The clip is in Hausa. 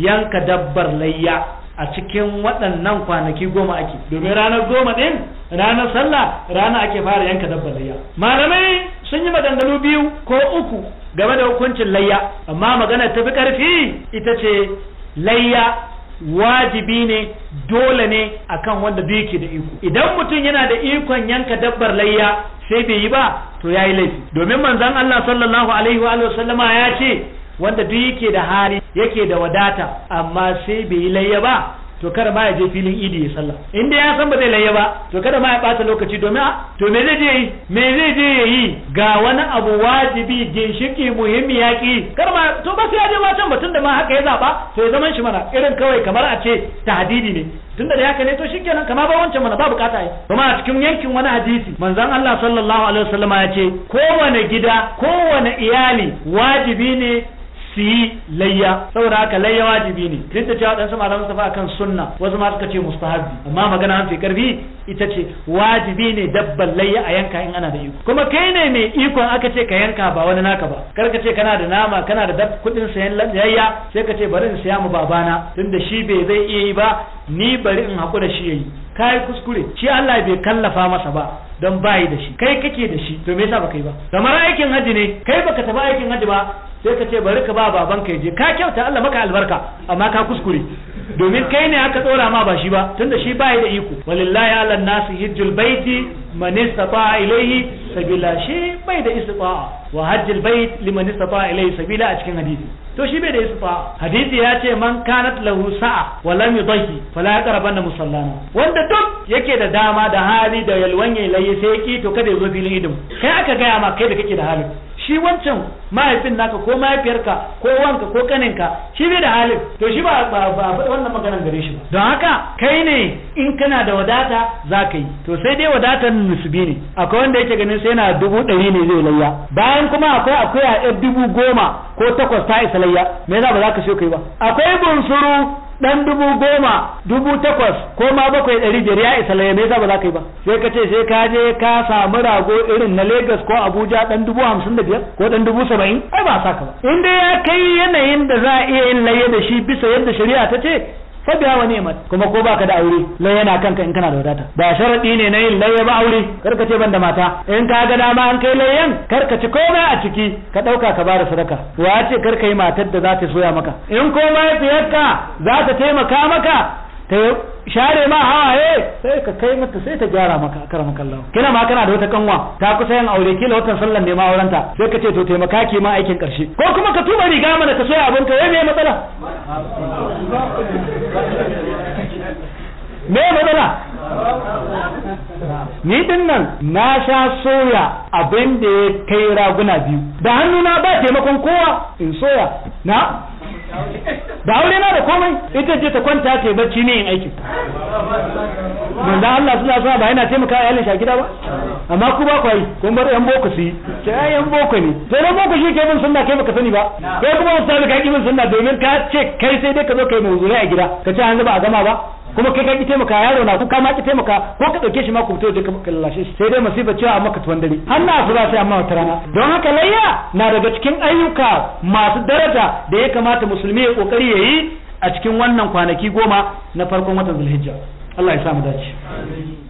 yanka dabbar layya a cikin waɗannan kwanaki goma ake domin ranar goma ɗin ranar sallah rana ake fara yanka dabbar layya malamai sun yi maganganu biyu ko uku game da hukuncin layya amma magana ta fi ƙarfi ita ce layya wajibi ne dole ne akan wanda duk yake da iko idan mutum yana da ikon yanka dabbar layya sai bai yi ba to yayi laifi domin manzon Allah sallallahu alaihi wa sallama ya ce wanda duk yake da hali yake da wadata amma sai bai yi layya ba to kada ma ya je filin idi ya sallah in dai ya san ba zai layya ba to kada ma ya bata lokaci domin ah, to me zai je yi me zai je ya yi ga wani abu wajibi ginshiki muhimmi ya ki kar ma to ba sai ya je wacan can batun da ma haka ya zaba to ya zaman shi mana irin kawai kamar a ce tahdidi ne tunda da haka ne to shikenan kama ba wancan mana ba bukata ai kuma a cikin yankin wani hadisi manzon Allah sallallahu alaihi wasallam ya ce kowane gida kowane iyali wajibi ne su yi layya saboda haka layya wajibi ne duk da cewa ɗansu malaman su kan sunna wasu ma suka ce mustahabi amma magana mafi karfi ita ce wajibi ne dabban layya a yanka in ana da iko kuma kai ne mai ikon aka ce ka yanka ba wani naka ba kar ka ce kana da nama kana da dab kuɗin sayan layya sai ka ce bari in siya mu babana tunda shi bai zai iya yi ba ni bari in haƙura shi ya yayi kai kuskure shi Allah bai kallafa masa ba don bayi da shi kai kake da shi to me yasa ba yi ba kamar aikin haji ne kai baka tafi aikin haji ba sai ka ce bari ka ba baban ka je ka kyauta Allah maka albarka amma ka kuskure domin kai ne aka tsora ma ba shi ba tunda shi ba da iko walillahi ala nasi hijjul baiti man istata'a ilayhi sabila shi bai da istita'a wa hajjul bait liman istata'a ilayhi sabila a cikin hadisi to shi bai da istita'a hadisi ya ce man kanat lahu sa'a wa lam yudhi fala yaqrabanna musallana wanda duk yake da dama da hali da yalwanye layi sai ki to kada ya zo filin idin kai aka gaya ma kai da kake da hali shi wancan mahaifin naka ko mahaifiyarka ko wanka ko kaninka shi bai da halin to shi ba ba faɗi wannan maganar gare shi ba don haka kai ne in kana da wadata za ka yi to sai dai wadatar musubi ne akwai wanda yake ganin sai yana dubu ɗari ne zai layya bayan kuma akwai akwai a dubu goma ko takwas ta isa layya me yasa ba za ka so kai ba akwai bunsuru dan dubu goma dubu takwas ko ma bakwai ɗari biyar ya isa laye me ba za ka yi ba sai ka ce sai ka je ka samu rago irin na Lagos ko Abuja dan dubu hamsin da biyar ko dan dubu saba'in ai ba sa ka ba in dai ya kai yanayin da za a iya yin laye da shi bisa yadda shari'a ta ce fa biya wa ni'mat kuma ko baka da aure lai yana kanka in kana da wadata ba sharadi ne na yin lai ba aure kar ka ce ban da mata in ka ga dama an kai layyan kar ka ci komai a ciki ka ɗauka ka bada sadaka wa ce kar ka yi matar da za ta soya maka in komai fiyarka za ta taimaka maka ta share ma hawaye sai ka kai mata sai ta gyara maka akar kallon kina ma kana da wata kanwa ta kusa yin aure kila watan sallan ne ma aurenta sai ka ce to taimaka ki ma aikin karshe ko kuma ka tuba riga mana ka soya abin ka wai me matsala me matsala ni din nan na sha soya abin da ya kai raguna biyu da hannuna ba taimakon kowa in soya na da aure na da komai ita ce ta kwanta ta bacci ne yin aikin manzo Allah sallallahu alaihi ba yana taimaka a yalin shagida ba amma ku ba kwai kun bar yan boko su yi ce ai yan boko ne to na boko shi ke bin sunna kai baka sani ba kai kuma ustazi ka yi bin sunna domin ka ce kai sai dai ka zo kai mawzuri a gida ka ce an ba a gama ba kuma kai ka ki taimaka yaro na ka ma ki taimaka ko ka dauke shi ma ku fito da ka lallashe shi sai dai masifa cewa amma ka tuwan dare har na su sai amma wata rana don haka layya na daga cikin ayyuka masu daraja da ya kamata musulmi ya kokari yayi a cikin wannan kwanaki goma na farkon watan zulhijja Allah ya sa mu dace amin